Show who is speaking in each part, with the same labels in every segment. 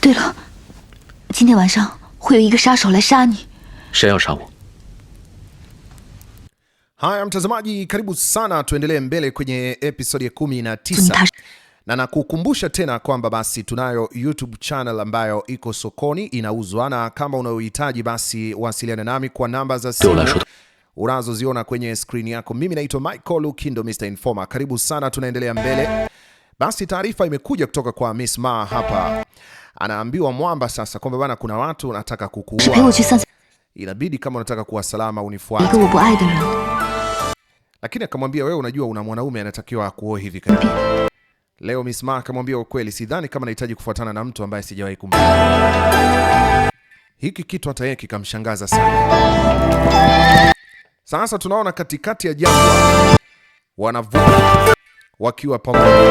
Speaker 1: 对了，今天晚上会有一个杀手来杀你。
Speaker 2: 谁要杀我
Speaker 3: ？Haya mtazamaji, karibu sana, tuendelee mbele kwenye episodi ya 19 na nakukumbusha tena kwamba basi tunayo YouTube channel ambayo iko sokoni inauzwa, na kama unayohitaji basi wasiliana nami kwa namba za simu unazoziona kwenye skrini yako. Mimi naitwa Michael Lukindo, Mr Informer. Karibu sana, tunaendelea mbele. Basi taarifa imekuja kutoka kwa Miss Ma hapa anaambiwa mwamba sasa kwamba bana, kuna watu wanataka kukuua, inabidi kama unataka kuwa salama unifuate. Lakini akamwambia wewe, unajua una mwanaume anatakiwa akuoe hivi
Speaker 1: karibuni.
Speaker 3: Leo Miss Ma akamwambia ukweli, sidhani kama nahitaji kufuatana na mtu ambaye sijawahi kumjua. Hiki kitu hata yeye kikamshangaza sana. Sasa tunaona katikati ya jangwa wanavuka wakiwa pamoja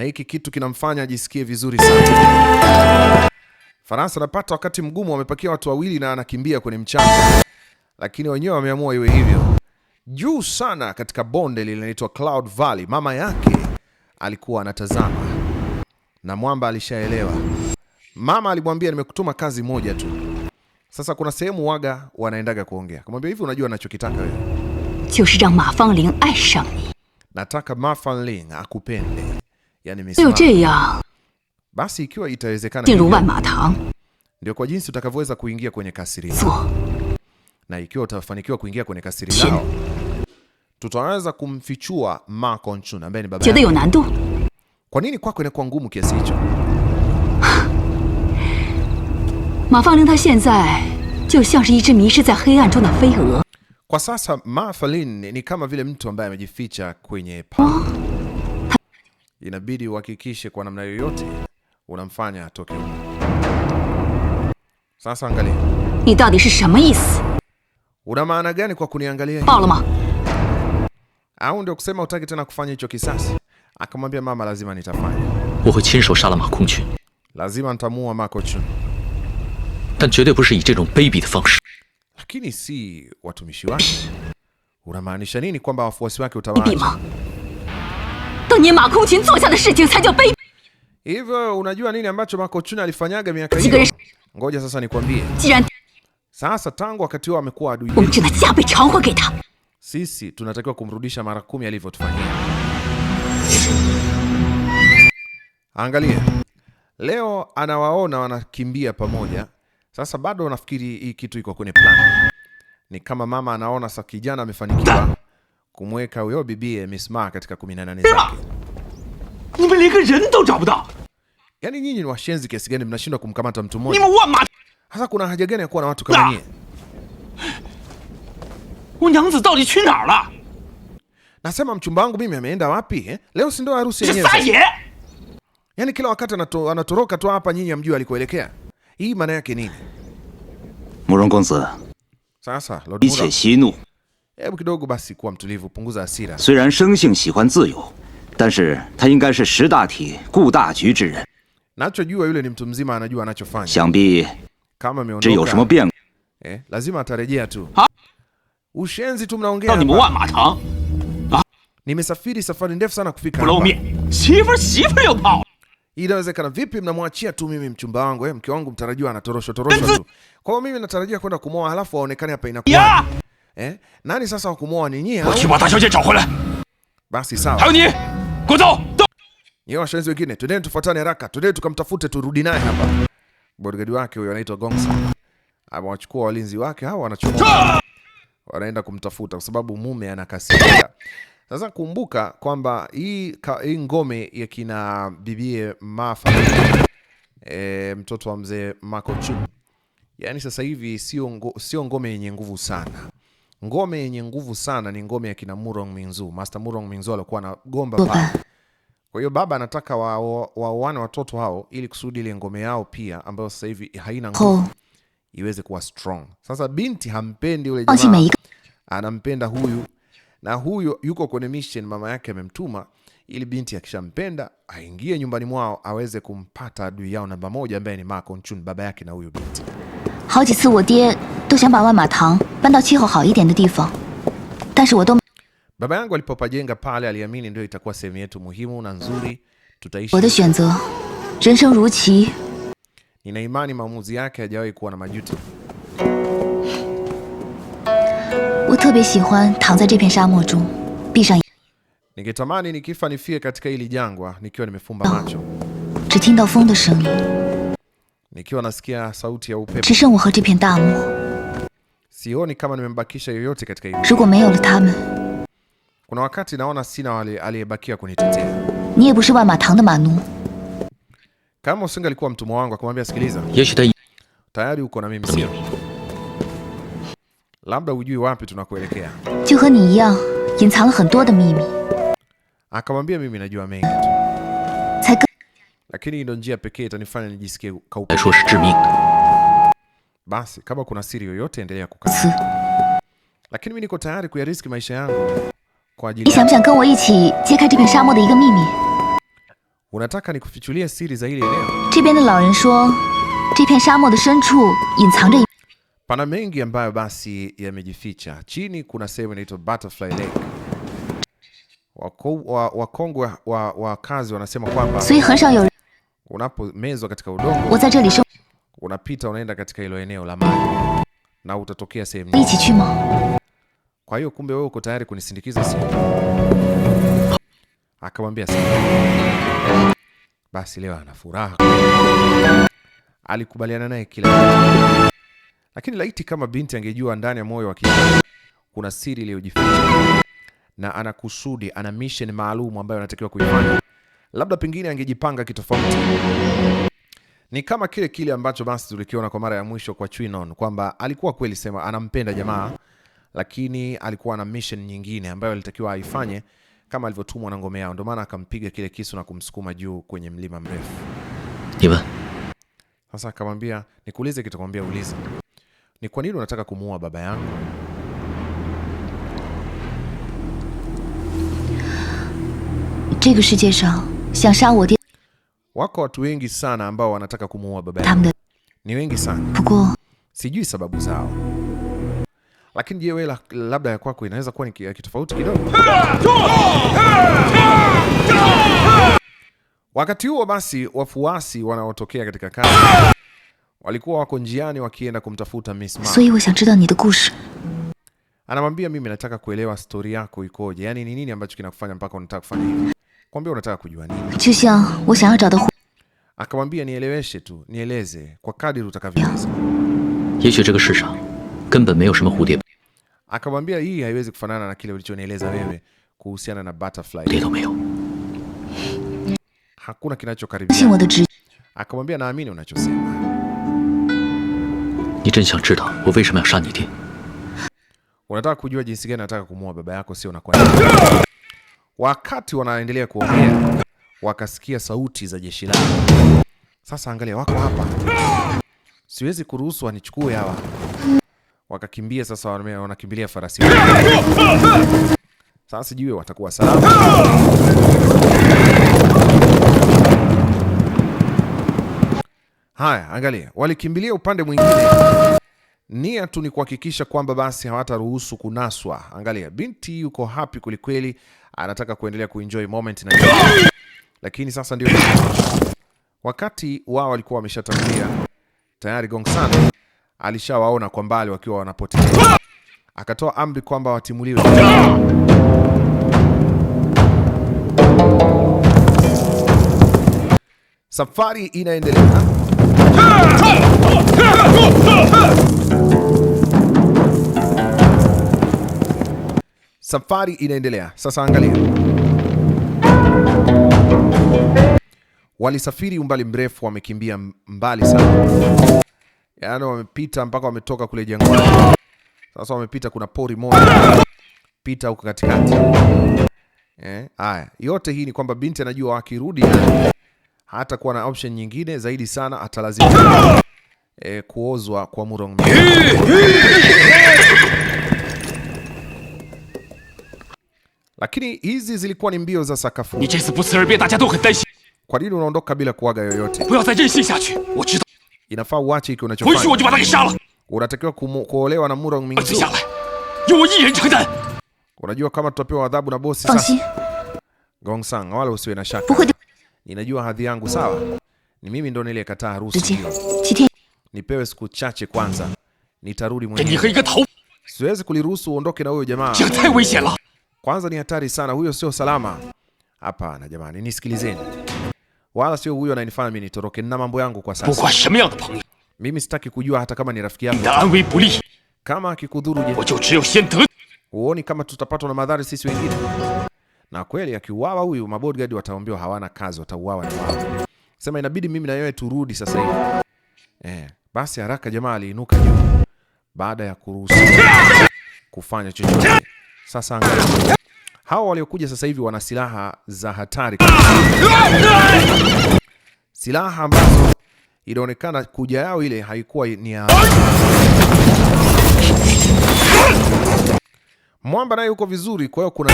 Speaker 3: na hiki kitu kinamfanya ajisikie vizuri sana. Faransa anapata wakati mgumu, wamepakia watu wawili na anakimbia kwenye mchanga, lakini wenyewe wameamua iwe hivyo. Juu sana katika bonde linaloitwa Cloud Valley, mama yake alikuwa anatazama na mwamba alishaelewa. Mama alimwambia nimekutuma kazi moja tu. Sasa kuna sehemu waga wanaendaga kuongea, kumwambia hivi, unajua anachokitaka
Speaker 1: wewe,
Speaker 3: nataka Ma Fangling akupende Yani sio basi, ikiwa itawezekana, ndio kwa jinsi utakavyoweza kuingia kwenye kasiri lao, na ikiwa utafanikiwa kuingia kwenye kasiri lao, tutaweza kumfichua Ma Kongqun ambaye ni baba yake. Kwa nini kwako inakuwa ngumu kiasi hicho?
Speaker 1: Ma Fangling ta xianzai jiu xiang shi yi yizhi mishi zai hei an zhong de fei e.
Speaker 3: Kwa sasa Ma Fangling ni kama vile mtu ambaye amejificha kwenye pango inabidi uhakikishe kwa namna yoyote unamfanya atoke huko. Sasa angalia.
Speaker 1: Ni dadi shi shama isi?
Speaker 3: Una maana gani kwa kuniangalia? hivi? Au ndio kusema utaki tena kufanya hicho kisasi? Akamwambia mama, lazima nitafanya.
Speaker 2: Wohe qinsho shala Ma Kongqun.
Speaker 3: Lazima nitamuua Ma Kongqun.
Speaker 2: Dan juedui bu shi yi zhezhong beibi de fangshi.
Speaker 3: Lakini si watumishi wake. Unamaanisha nini kwamba wafuasi wake utawaacha? Hivyo unajua nini ambacho Ma Kongqun alifanyaga miaka hiyo? Ngoja sasa nikwambie. Sasa tangu wakati huo amekuwa adui. Sisi tunatakiwa kumrudisha mara kumi alivyotufanyia. Angalia. Leo anawaona wanakimbia pamoja. Sasa bado nafikiri hii kitu iko kwenye plan. Ni kama mama anaona sasa kijana amefanikiwa kumweka huyo bibie Misma katika 18 zake. dou Yaani nyinyi ni washenzi kiasi gani mnashindwa kumkamata mtu mmoja? ma. Hasa kuna haja gani ya kuwa na watu kama ah! nyinyi?
Speaker 4: nyangzi dao nao la?
Speaker 3: Nasema mchumba wangu mimi ameenda wapi eh? Leo si ndo harusi
Speaker 4: yenyewe. Sasa
Speaker 3: Yaani kila wakati anatoroka tu hapa nyinyi hamjui alikoelekea. Hii maana yake nini? Sasa, Lord Mura. Hebu kidogo basi kuwa mtulivu, punguza hasira. Nachojua yule ni mtu mzima, anajua
Speaker 5: anachofanya.
Speaker 3: Kama ameondoka, eh, lazima atarejea tu. Ushenzi tu mnaongea.
Speaker 4: ma tang.
Speaker 3: Nimesafiri safari ndefu sana kufika
Speaker 4: hapa. pao.
Speaker 3: Inawezekana vipi mnamwachia tu mimi mchumba wangu eh, mke wangu mtarajiwa anatoroshwa torosha tu. Kwa hiyo mimi natarajia kwenda kumoa halafu aonekane hapa inakuwa. Eh? Nani sasa wa kumwoa ni nyie? Basi sawa. Hao Yeye washenzi wengine, twendeni tufuatane haraka, twendeni tukamtafute turudi naye hapa. Bodyguard wake huyo anaitwa Gongsa. Amewachukua walinzi wake hawa wanachukua. Wanaenda kumtafuta kwa sababu mume anakasirika. Sasa kumbuka kwamba hii, hii ngome ya kina bibie Mafa e, eh, mtoto wa mzee Makochu. Yaani sasa hivi sio sio ngome yenye nguvu sana. Ngome yenye nguvu sana ni ngome ya kina Murong Minzu. Master Murong Minzu alikuwa anagomba pale. Kwa hiyo baba anataka waoane wa watoto hao ili kusudi ile ngome yao pia ambayo sasa hivi haina nguvu iweze kuwa strong. Sasa binti hampendi yule oh, jamaa. Anampenda huyu na huyu yuko kwenye mission, mama yake amemtuma ili binti akishampenda aingie nyumbani mwao aweze kumpata adui yao namba moja ambaye ni Ma Kongqun, baba yake na huyu binti.
Speaker 1: 好几次我爹都想把万马堂搬到气候好一点的地方，但是我都
Speaker 3: baba yangu imani maamuzi yake hajawahi kuwa na majuto.
Speaker 1: 我特别喜欢躺在这片沙漠中，闭上眼
Speaker 3: ，Ningetamani nikifa nifie katika hili jangwa nikiwa nimefumba macho,
Speaker 1: 只听到风的声音，
Speaker 3: nikiwa nasikia sauti ya upepo. Sioni kama nimembakisha yoyote katika hili. Kuna wakati naona sina wale aliyebakia kunitetea.
Speaker 1: Ni de
Speaker 3: Kama alikuwa mtumwa wangu akamwambia, sikiliza, tayari uko na mimi sio? Labda ujui wapi tunakuelekea. Akamwambia, mimi najua mengi tu lakini ndio njia pekee itanifanya nijisikie kaupe. Basi kama kuna siri yoyote, endelea kukaa, lakini mimi niko tayari kuyariski maisha yangu
Speaker 1: kwa ajili ya.
Speaker 3: Unataka nikufichulie siri za hili eneo? Pana mengi ambayo basi yamejificha chini. Kuna sehemu inaitwa Butterfly Lake. Wakongwe wa wakazi wanasema kwamba unapomezwa katika udongo unapita unaenda katika hilo eneo la maji na utatokea sehemu
Speaker 1: nyingine.
Speaker 3: Kwa hiyo kumbe wewe uko tayari kunisindikiza siku? Akamwambia sasa. Basi leo ana furaha, alikubaliana naye kila lakini laiti kama binti angejua ndani ya moyo wake kuna siri iliyojificha, na ana kusudi, ana mission maalum ambayo anatakiwa kuifanya labda pengine angejipanga kitofauti. Ni kama kile kile ambacho basi tulikiona kwa mara ya mwisho kwa Chwinon kwamba alikuwa kweli sema anampenda jamaa, lakini alikuwa na mission nyingine ambayo alitakiwa aifanye kama alivyotumwa na ngome yao, ndio maana akampiga kile kisu na kumsukuma juu kwenye mlima mrefu. Iba. Sasa akamwambia nikuulize kitu, akamwambia uliza. Ni kwa nini unataka kumuua baba yangu? Wako watu wengi sana ambao wanataka kumuua baba yao. Ni wengi sana. Sijui sababu zao. Lakini je, wewe labda ya kwako inaweza kuwa ni kitofauti kidogo. Wakati huo basi, wafuasi wanaotokea katika kazi walikuwa wako njiani wakienda kumtafuta Miss
Speaker 1: Marple.
Speaker 3: Anamwambia, mimi nataka kuelewa stori yako ikoje, yaani ni nini ambacho kinakufanya mpaka unataka kufanya hivi? Kwambia unataka kujua nini? Akamwambia nieleweshe tu, nieleze kwa kadiri utakavyoweza. Akamwambia hii haiwezi kufanana na kile ulichonieleza wewe kuhusiana na butterfly. Hakuna kinachokaribia. Akamwambia naamini unachosema. Unataka kujua jinsi gani nataka kumuua baba yako sio? Unakwenda. Wakati wanaendelea kuongea, wakasikia sauti za jeshi lao. Sasa angalia, wako hapa, siwezi kuruhusu wanichukue hawa. Wakakimbia sasa, wanakimbilia farasi. Sasa sijui watakuwa salama. Haya, angalia, walikimbilia upande mwingine nia tu ni kuhakikisha kwamba basi hawataruhusu kunaswa. Angalia, binti yuko happy kwelikweli, anataka kuendelea kuenjoy moment na lakini sasa ndio wakati wao walikuwa wameshatangulia tayari. San alishawaona kwa mbali wakiwa wanapotea, akatoa amri kwamba watimuliwe. Safari inaendelea. Safari inaendelea sasa, angalia. Walisafiri umbali mrefu, wamekimbia mbali sana, yaani wamepita mpaka wametoka kule jangwani. Sasa wamepita, kuna pori moja pita huko katikati. Eh, haya yote hii ni kwamba binti anajua akirudi hata kuwa na option nyingine zaidi sana, atalazimika eh, kuozwa kwa murong Lakini hizi zilikuwa ni mbio za sakafuni. Kwa nini unaondoka bila kuaga yoyote? Inafaa uache hiki
Speaker 4: unachofanya.
Speaker 3: Unatakiwa kuolewa na Murong Mingzu. Unajua kama tutapewa adhabu na bosi sasa. Gong Sang, wala usiwe na shaka. Ninajua hadhi yangu sawa. Ni mimi ndo niliyekataa harusi. Nipewe siku chache kwanza. Nitarudi mwenyewe. Siwezi kuliruhusu uondoke na huyo jamaa. Kwanza ni hatari sana, huyo sio salama. Hapana jamani, nisikilizeni, wala sio huyo ananifanya mimi nitoroke na mambo yangu kwa sasa. Mimi sitaki kujua hata kama ni rafiki yako, kama akikudhuru. Je, huoni kama tutapatwa na madhara sisi wengine? Na kweli akiuawa huyu, mabodyguard wataambiwa hawana kazi, watauawa na wao. Sema inabidi mimi na yeye turudi sasa hivi. Eh, basi haraka jamaa aliinuka juu baada ya kuruhusu kufanya chochote. Sasa hawa waliokuja sasa hivi wana silaha za hatari, silaha ambazo inaonekana kuja yao ile haikuwa ni ya mwamba, naye yuko vizuri. Kwa hiyo kuna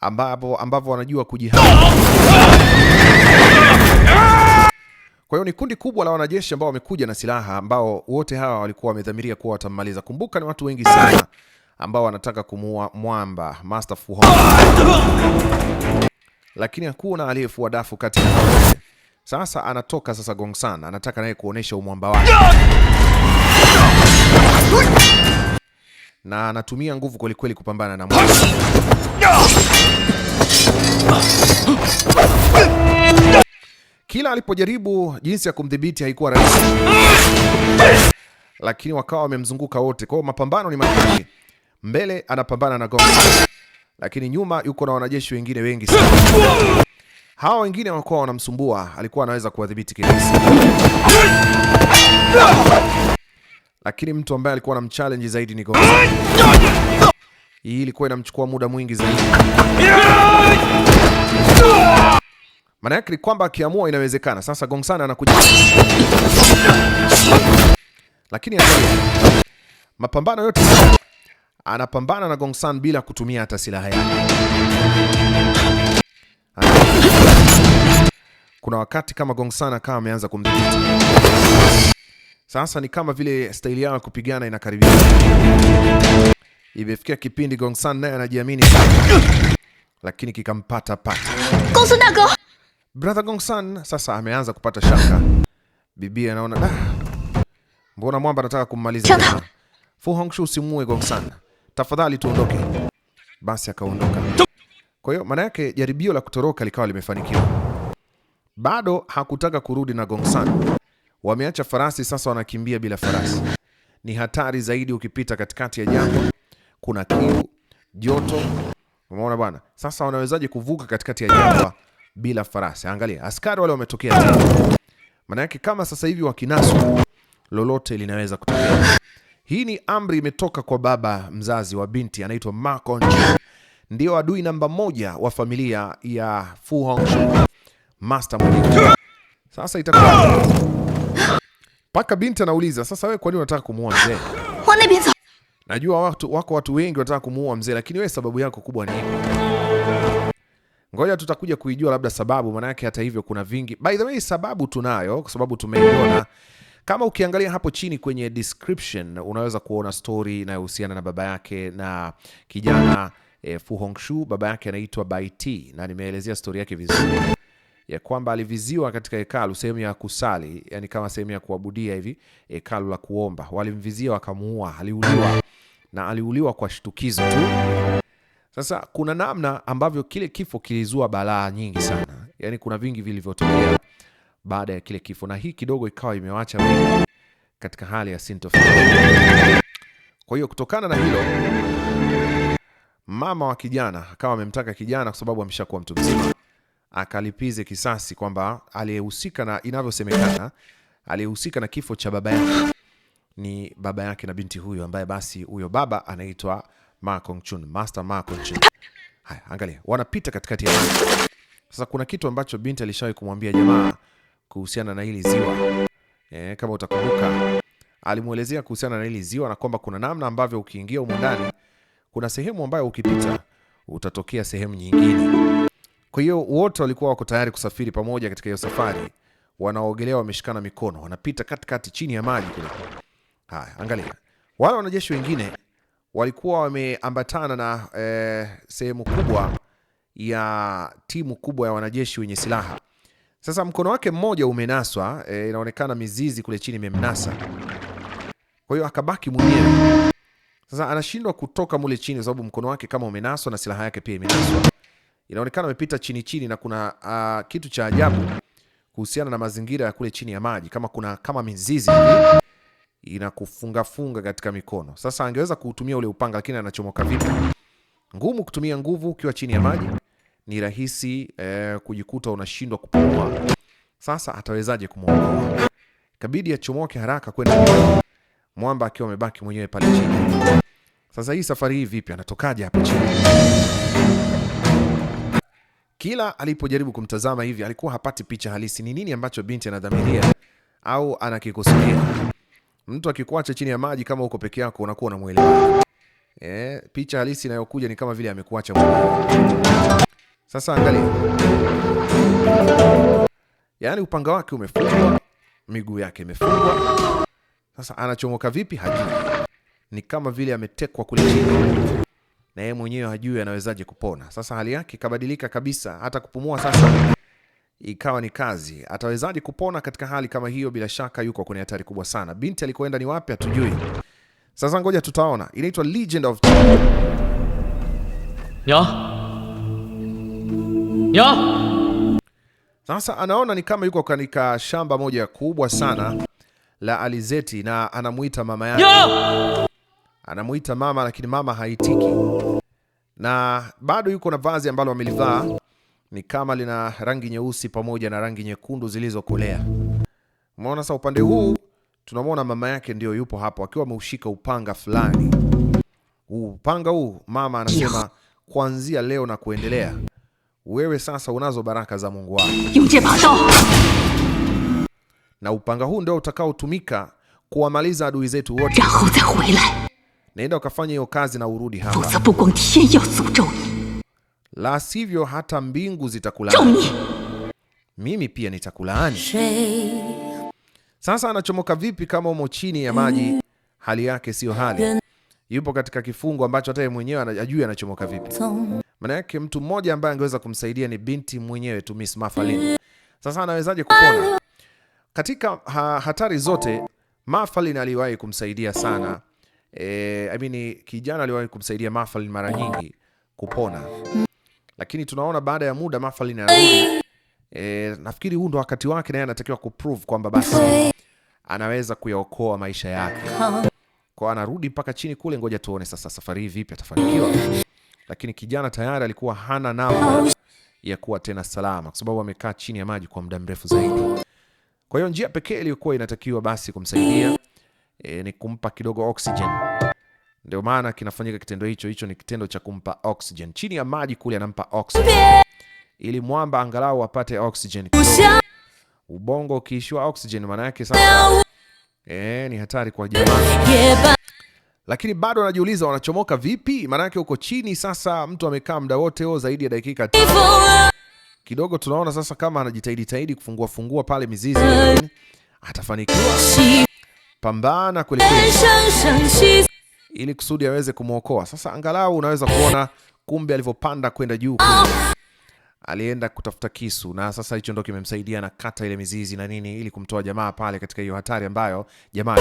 Speaker 3: ambapo ambavyo wanajua kujiha Kwa hiyo ni kundi kubwa la wanajeshi ambao wamekuja na silaha ambao wote hawa walikuwa wamedhamiria kuwa watammaliza. Kumbuka ni watu wengi sana ambao wanataka kumuua Mwamba Master Fu Hongxue, lakini hakuna aliyefua dafu kati ya hao Sasa anatoka sasa gong san anataka naye kuonesha umwamba wake na anatumia nguvu kwelikweli kupambana na Mwamba. Kila alipojaribu jinsi ya kumdhibiti haikuwa rahisi, lakini wakawa wamemzunguka wote. Kwa hiyo mapambano ni makali. Mbele anapambana na Gong, lakini nyuma yuko na wanajeshi wengine wengi sana. Hawa wengine walikuwa wanamsumbua, alikuwa anaweza kuwadhibiti kirahisi, lakini mtu ambaye alikuwa na anamchallenge zaidi ni Gong. Hii ilikuwa inamchukua muda mwingi zaidi. Maana yake ni kwamba akiamua inawezekana. Sasa Gong San anakuja, lakini mapambano yote anapambana na Gong San bila kutumia hata silaha yake. Kuna wakati kama Gong San akawa ameanza kumdhibiti sasa, ni kama vile staili yao ya kupigana inakaribia. Imefikia kipindi Gong San naye anajiamini, lakini kikampata pata Brother Gongsan sasa ameanza kupata shaka. Bibi anaona ah, mbona mwamba anataka kummaliza. Fu Hongxue, usimue Gongsan, tafadhali tuondoke. Basi akaondoka. Kwa hiyo maana yake jaribio la kutoroka likawa limefanikiwa. Bado hakutaka kurudi na Gongsan. Wameacha farasi sasa, wanakimbia bila farasi. Ni hatari zaidi ukipita katikati ya jangwa, kuna kiu, joto. Umeona bwana, sasa wanawezaje kuvuka katikati ya jangwa? bila farasi. Angalia, askari wale wametokea. Maana yake kama sasa hivi wakinaswa, lolote linaweza kutokea. Hii ni amri imetoka kwa baba mzazi wa binti anaitwa Ma Kongqun, ndio adui namba moja wa familia ya Fu Hongxue, master mwenyewe. Sasa itakuwa paka binti anauliza sasa, wewe kwa nini unataka kumuua mzee? Najua watu, wako watu wengi wanataka kumuua mzee, lakini wewe sababu yako kubwa ni nini? Ngoja tutakuja kuijua labda sababu, maana yake hata hivyo kuna vingi. By the way, sababu tunayo kwa sababu tumeiona. Kama ukiangalia hapo chini kwenye description, unaweza kuona story inayohusiana na baba yake na kijana eh, Fu Hongxue. Baba yake anaitwa Bai Ti na nimeelezea story yake vizuri ya kwamba aliviziwa katika hekalu sehemu ya kusali, yani kama sehemu ya kuabudia hivi, hekalu la kuomba. Walimvizia wakamuua, aliuliwa na aliuliwa kwa shtukizo tu sasa kuna namna ambavyo kile kifo kilizua balaa nyingi sana, yaani kuna vingi vilivyotokea baada ya kile kifo, na hii kidogo ikawa imewacha wengi katika hali ya sintofahamu. Kwa hiyo kutokana na hilo, mama wa kijana akawa amemtaka kijana, kwa sababu ameshakuwa mtu mzima, akalipize kisasi kwamba aliyehusika na inavyosemekana, aliyehusika na kifo cha baba yake ni baba yake na binti huyo, ambaye basi huyo baba anaitwa Ma Kongqun, Master Ma Kongqun. Haya, angalia, wanapita katikati ya maji. Sasa kuna kitu ambacho binti alishawahi kumwambia jamaa kuhusiana na hili ziwa. E, kama utakumbuka alimuelezea kuhusiana na hili ziwa na kwamba kuna namna ambavyo ukiingia humo ndani kuna sehemu ambayo ukipita utatokea sehemu nyingine. Kwa hiyo wote walikuwa wako tayari kusafiri pamoja katika hiyo safari. Wanaogelea wameshikana mikono, wanapita katikati chini ya maji kule. Haya, angalia. Wale wanajeshi wengine walikuwa wameambatana na eh, sehemu kubwa ya timu kubwa ya wanajeshi wenye silaha. Sasa mkono wake mmoja umenaswa, eh, inaonekana mizizi kule chini imemnasa, kwa hiyo akabaki mwenyewe. Sasa anashindwa kutoka mule chini kwa sababu mkono wake kama umenaswa na silaha yake pia imenaswa. Inaonekana amepita chini chini, na kuna uh, kitu cha ajabu kuhusiana na mazingira ya kule chini ya maji, kama kuna kama mizizi inakufungafunga katika mikono. Sasa angeweza kuutumia ule upanga, lakini anachomoka vipi? Ngumu kutumia nguvu ukiwa chini ya maji, ni rahisi eh, kujikuta unashindwa kupumua. Sasa atawezaje kumwokoa? Kabidi achomoke haraka kwenda mwamba, akiwa amebaki mwenyewe pale chini. Sasa hii safari hii vipi, anatokaje hapa chini? Kila alipojaribu kumtazama hivi alikuwa hapati picha halisi, ni nini ambacho binti anadhamiria au anakikusudia. Mtu akikuacha chini ya maji kama uko peke yako unakuwa unamuelewa. Eh, picha halisi inayokuja ni kama vile amekuacha mwenyewe. Sasa angalia. Yaani upanga wake umefungwa, miguu yake imefungwa. Sasa anachomoka vipi hajui. Ni kama vile ametekwa kule chini. Na yeye mwenyewe hajui anawezaje kupona. Sasa hali yake kabadilika kabisa, hata kupumua sasa ikawa ni kazi. Atawezaje kupona katika hali kama hiyo? Bila shaka yuko kwenye hatari kubwa sana. Binti alikoenda ni wapi hatujui. Sasa ngoja tutaona. Inaitwa Legend of
Speaker 4: ya ya.
Speaker 3: Sasa anaona ni kama yuko katika shamba moja kubwa sana la alizeti na anamuita mama yake anamuita mama, lakini mama haitiki, na bado yuko na vazi ambalo amelivaa ni kama lina rangi nyeusi pamoja na rangi nyekundu zilizokolea. Umeona sasa, upande huu tunamwona mama yake ndio yupo hapo akiwa ameushika upanga fulani. Upanga huu mama anasema, kuanzia leo na kuendelea, wewe sasa unazo baraka za Mungu wako, na upanga huu ndio utakaotumika kuwamaliza adui zetu wote. Naenda ukafanya hiyo kazi na urudi hapa la sivyo hata mbingu zitakulaani, mimi pia nitakulaani. Sasa anachomoka vipi kama umo chini ya maji, hali yake siyo hali? Yupo katika kifungo ambacho hata yeye mwenyewe ajui anachomoka vipi. Maana yake mtu mmoja ambaye angeweza kumsaidia ni binti mwenyewe tu, Miss Mafalin. Sasa anawezaje kupona katika ha hatari zote? Mafalin aliwahi kumsaidia sana e, I mean, kijana aliwahi kumsaidia Mafalin mara nyingi kupona lakini tunaona baada ya muda Mafal inarudi. E, nafikiri huu ndo wakati wake, naye anatakiwa kuprove kwamba basi anaweza kuyaokoa maisha yake. Kwa anarudi mpaka chini kule, ngoja tuone sasa safari hii vipi atafanikiwa. Lakini kijana tayari alikuwa hana nao ya kuwa tena salama, kwa sababu amekaa chini ya maji kwa muda mrefu zaidi. Kwa hiyo njia pekee iliyokuwa inatakiwa basi kumsaidia e, ni kumpa kidogo oxygen. Ndio maana kinafanyika kitendo hicho. Hicho ni kitendo cha kumpa oxygen chini ya maji kule, anampa oxygen ili mwamba angalau apate oxygen. Ubongo ukiishiwa oxygen, maana yake sasa eh, ni hatari kwa jamaa. Lakini bado anajiuliza wanachomoka vipi? Maana yake uko chini sasa, mtu amekaa muda wote huo zaidi ya dakika kidogo. Tunaona sasa kama anajitahidi tahidi kufungua fungua pale mizizi, atafanikiwa. Pambana kweli ili kusudi aweze kumwokoa. Sasa angalau unaweza kuona kumbe alivyopanda kwenda juu alienda kutafuta kisu na sasa hicho ndo kimemsaidia na kata ile mizizi na nini, ili kumtoa jamaa pale katika hiyo hatari ambayo jamaa.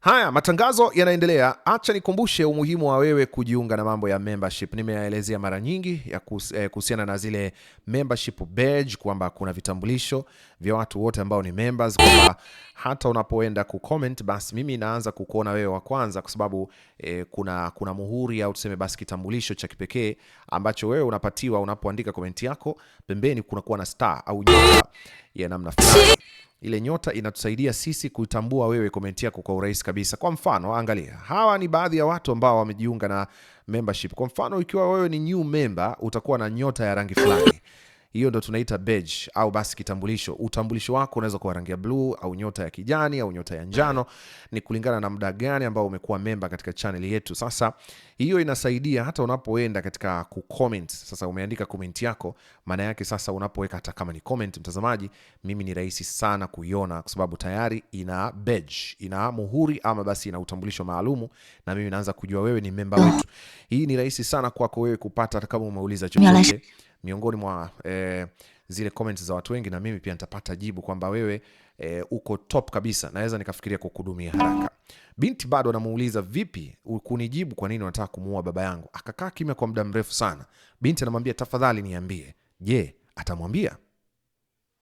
Speaker 3: Haya, matangazo yanaendelea. Acha nikumbushe umuhimu wa wewe kujiunga na mambo ya membership. Nimeyaelezea mara nyingi ya eh, kuhusiana na zile membership badge kwamba kuna vitambulisho vya watu wote ambao ni members, kwamba hata unapoenda ku comment basi mimi naanza kukuona wewe wa kwanza, kwa sababu eh, kuna, kuna muhuri au tuseme basi kitambulisho cha kipekee ambacho wewe unapatiwa unapoandika comment yako. Pembeni kuna kuwa na star au nyota ya namna fulani. Ile nyota inatusaidia sisi kutambua wewe comment yako kwa urahisi kabisa. Kwa mfano, angalia hawa ni baadhi ya watu ambao wamejiunga na membership. Kwa mfano, ikiwa wewe ni new member utakuwa na nyota ya rangi fulani hiyo ndo tunaita badge au basi kitambulisho. Utambulisho wako unaweza kuwa rangi ya bluu au nyota ya kijani au nyota ya njano, ni kulingana na muda gani ambao umekuwa memba katika channel yetu. Sasa hiyo inasaidia hata unapoenda katika ku comment. Sasa umeandika comment yako, maana yake sasa unapoweka hata kama ni comment, mtazamaji, mimi ni rahisi sana kuiona kwa sababu tayari ina badge, ina muhuri ama basi ina utambulisho maalumu, na mimi naanza kujua wewe ni memba wetu. Hii ni rahisi sana kwako wewe kupata hata kama umeuliza chochote miongoni mwa e, zile comments za watu wengi, na mimi pia nitapata jibu kwamba wewe e, uko top kabisa, naweza nikafikiria kukuhudumia haraka. Binti bado anamuuliza vipi, kunijibu kwa nini unataka kumuua baba yangu? Akakaa kimya kwa muda mrefu sana. Binti anamwambia tafadhali niambie. Je, atamwambia?